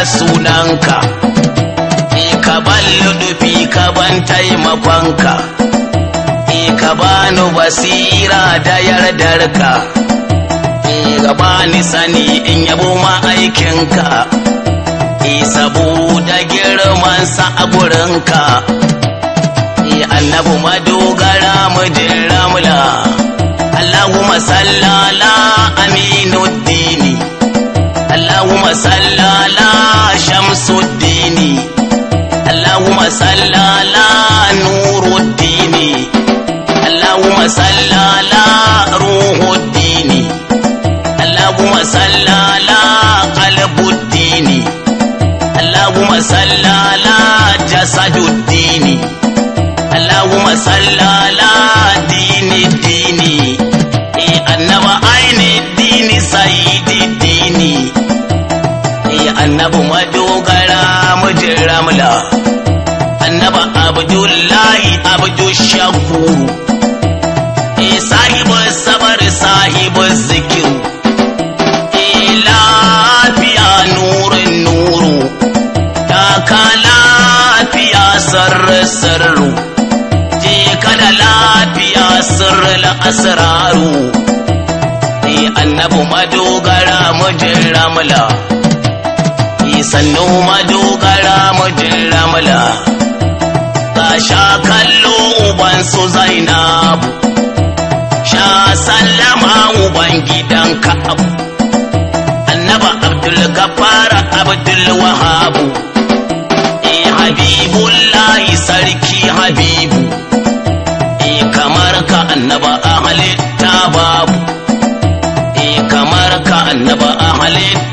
da sunanka ka ban ludufi ka ban taimakonka ka bani basira da yardarka ka bani sani in yabo ma'aikinka aikinka saboda girman sa a gurinka annabu madogara mujin ramla Allahumma sallala aminuddin اللهم صل على annabi madogara mijin ramla annaba abdullahi abdu shakuru e sahibu sabar sahibu zikiru e lafiya nurin nuru taka lafiya sar sarru je kada lafiya sirri asraru e annabi madogara mijin ramla sannu madogara mujin ramla Ka sha kallo ubansu zainabu sha sallama uban gidan ka'abu annaba abdul gafara abdul wahabu e habibullahi sarki habibu e kamar ka annaba a halitta babu e kamar ka annaba a halitta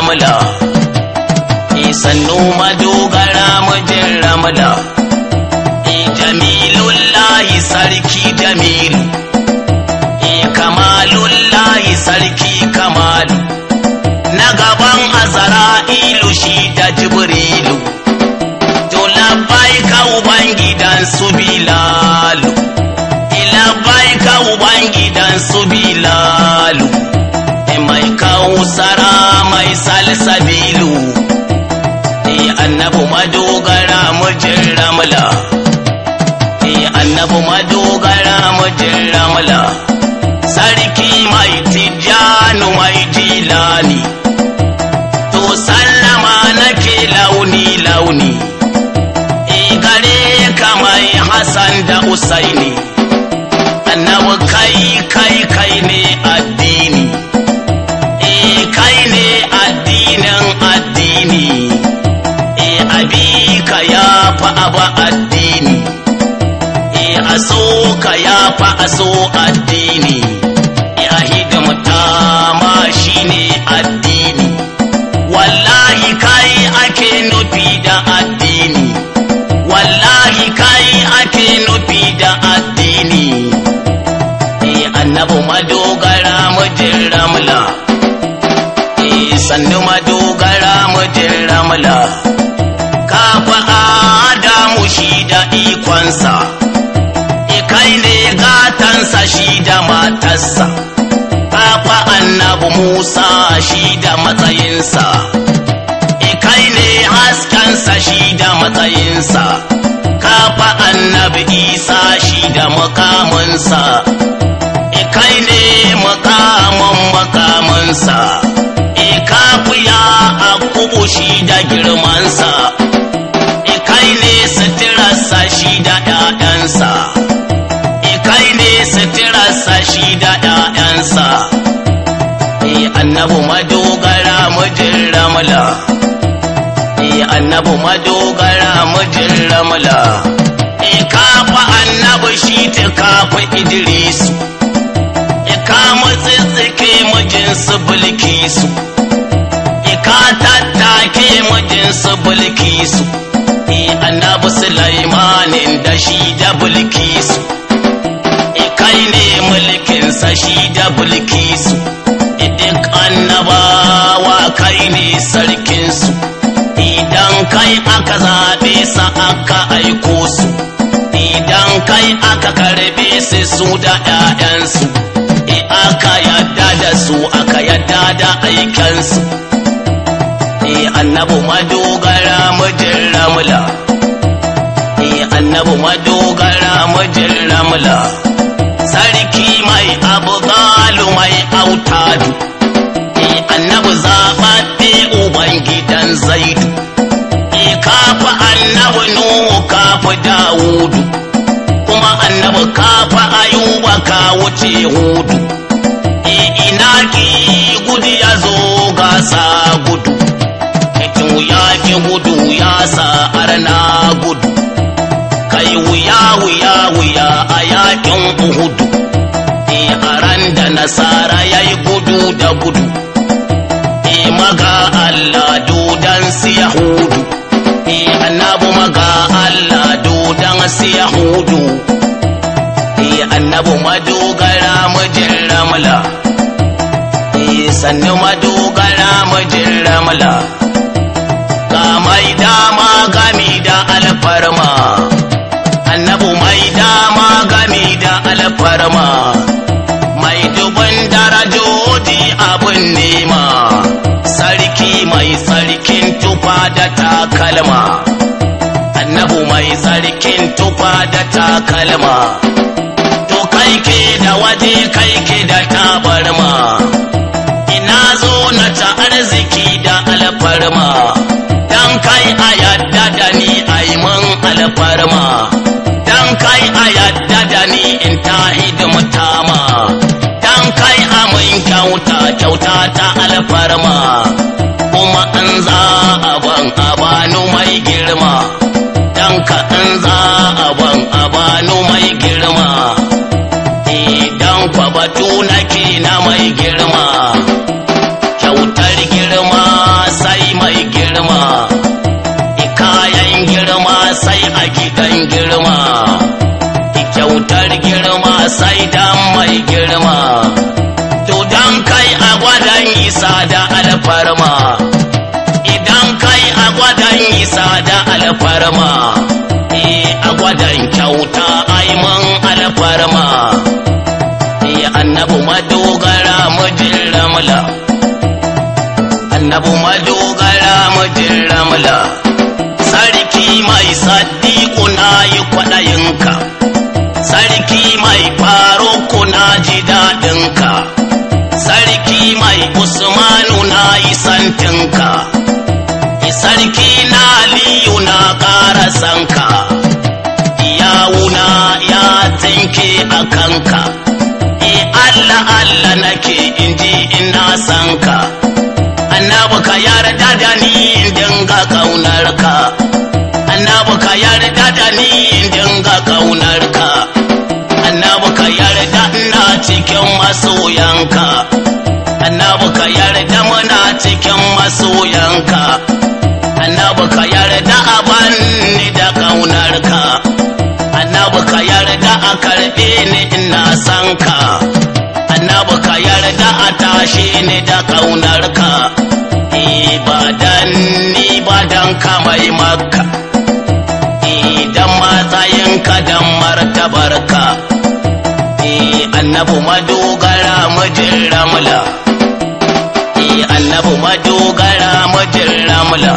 ramla sannu madogara mujin ramla jamilullahi sarki jamilu kamalullahi sarki kamalu na gaban azara'ilu shi da jibrilu to labai ka ubangidan su bilalu labai ka ubangidan su bilalu wala sarki mai tijjanu mai jilani to sallama nake launi launi ikare ka hassan da usaini fa a so addini ya higa ma shi ne addini wallahi kai ake nufi da addini wallahi kai ake nufi da addini e annabu madogara mujin ramla e sannu madogara mujin ramla fa adamu shi da ikonsa gidansa shi da matarsa Papa annabu Musa shi da matsayinsa Ikai e ne haskansa shi da matsayinsa Kafa annabi Isa shi da makamansa Ikai e ne makaman makamansa Ikafu e ya akubu shi da girmansa annabu madogara mujin ramla eh annabu madogara mujin ramla e eh, kafa annabu shi ta kafa idrisu e eh, ka mutsitsike mujin su bilkisu e ka tattake mujin su bilkisu e annabu sulaimanin da shi da bilkisu e kai ne mulkin sa shi da bilkisu kai aka zaɓe sa aka aiko su idan kai aka karbe su su da 'ya'yansu e aka yadda da su aka yadda da aikensu e annabu madogara mijin ramula e annabu madogara mijin ramula sarki mai abu mai autadu annabi nuhu kafi dawudu kuma annabi kafa ayuba ka wuce hudu kudu e annabu madogara mijin ramla iya sannu madogara mijin ramala ka mai dama gami da alfarma annabu mai dama gami da alfarma mai dubin darajoji abin nema sarki mai sarkin tufa da takalma mai tsarkin tufa da takalma to kai ke da waje kai ke da tabarma ina zo na ta arziki da alfarma dan kai a yadda da ni a yi alfarma dan kai a yadda da ni in ta hidimta ma dan kai a mun kyauta kyauta ta alfarma kuma an za a ban abanu mai girma mai girma idan kwaba batu nake na mai girma kyautar girma sai mai girma Kayan girma sai a gidan girma kyautar girma sai dan mai girma to dan kai a gwadan isa da alfarma idan kai a gwadan isa da alfarma e a gwadan kyauta karama ya annabu madogara mujin ramla annabu madogara mujin ramla sarki mai sadiku na yi kwaɗayinka sarki mai faruku na ji daɗinka sarki mai usmanu na yi santinka sarki na aliyu na ƙara sanka yanke a kanka e Allah Allah nake inji ina sanka annabi ka yarda da ni dinga kaunar ka annabi ka yarda da ni dinga kaunar ka annabi ka yarda na cikin masoyanka annabu ka yarda na cikin masoyanka karɓe ni ina san ka annabi ka yarda a tashi ni da kaunar ka ibadan ni badan ka mai makka idan matsayin ka dan martabar ka e, annabi madogara mijin ramla e, annabi madogara mijin ramla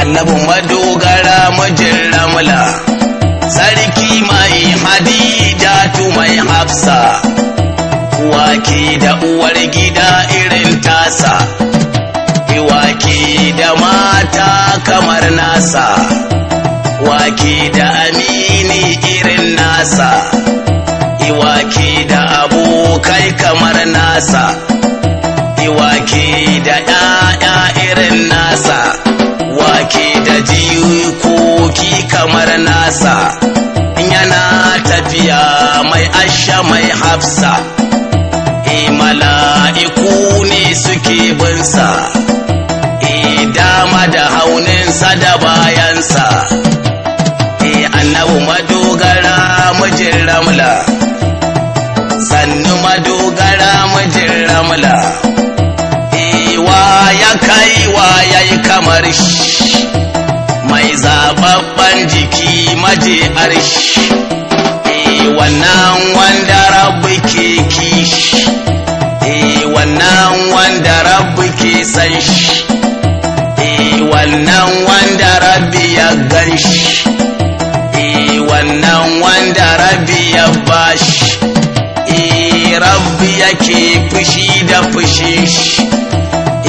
annabi tasa wake da uwar gida irin tasa wake da mata kamar nasa wake da amini irin nasa iwake da abokai kamar nasa iwake da ɗaya irin nasa wake da jikoki kamar nasa yana tafiya asha mai hafsa e mala'iku ne suke binsa e dama da hauninsa da bayansa e annabu madogara mijin ramla sannu madogara mijin ramla e wa ya kai wa ya yi kamar shi mai zababban jiki maje arshi wannan wanda rabu ke kishi eh wannan wanda rabu ke san shi eh wannan wanda rabi ya gan shi eh wannan wanda rabi ya bashi eh rabbi yake fushi da fushi shi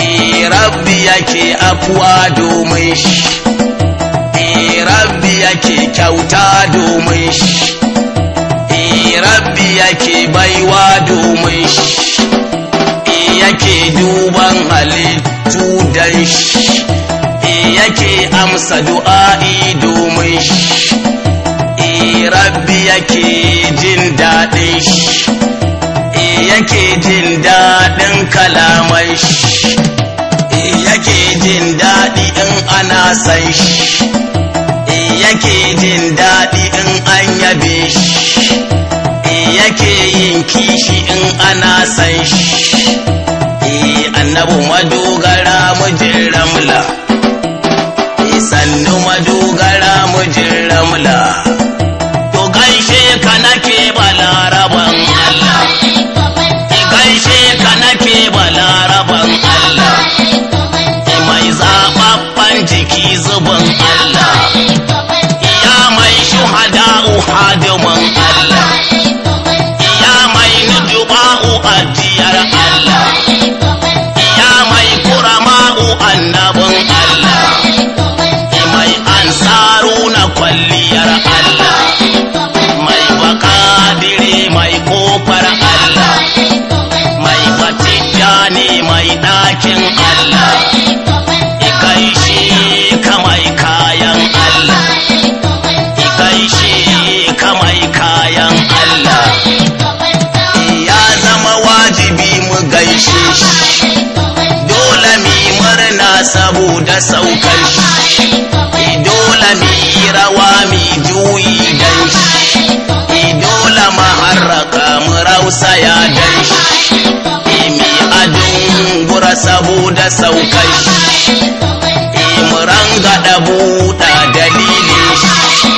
eh rabbi yake afuwa domin shi eh rabbi yake kyauta domin shi rabbi yake baiwa domin shi e yake duban halittu dan shi e yake amsa du'a'i domin shi e rabbi yake jin daɗin shi yake jin daɗin kalaman shi yake jin daɗi in ana san shi yake jin daɗi in an yabe shi yake yin kishi in ana san shi e, annabu madogara mujin ramla e, sannu madogara mujin ramla to gaishe ka nake ba laraban Allah gaishe ka nake ba laraban Allah mai zaɓaɓɓen jiki zuban Allah ya mai shuhada'u hadiman Allah mu'ajiyar Allah ya mai kurama annabin Allah da saukar shi eh, dole mi rawa mi juyi dan shi eh, dole maharraka mu rausaya dan shi eh, mi adun gura saboda saukar shi mu ranga da buɗa dalilin shi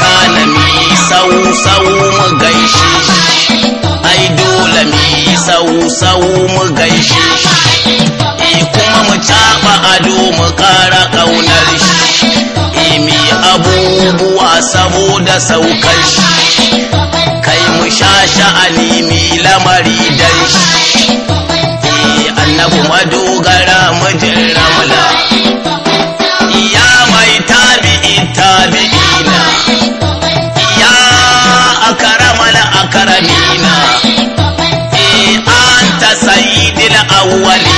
kana mi sau sau mu gaishe shi ai dole mi sau sau mu gaishe shi taba ado mu ƙara ƙaunar shi imi abubuwa saboda saukar shi kai mu sha sha'ani mi lamari dan shi e, annabu madogara mijin ramla ya mai tabi'i tabi'ina ya akaramal akaramina e, an ta sayidil awwali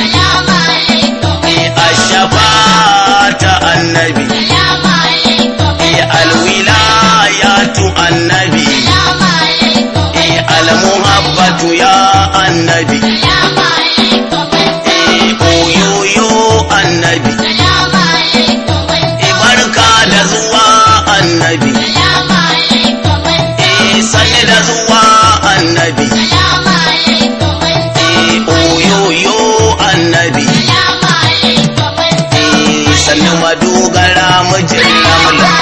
annabi Oyoyo annabi eh, Barka da zuwa annabi eh, Sani da zuwa annabi eh, Oyoyo annabi Sannu madogara mijin ramula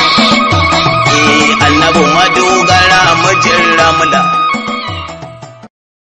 Annabu madogara mijin ramula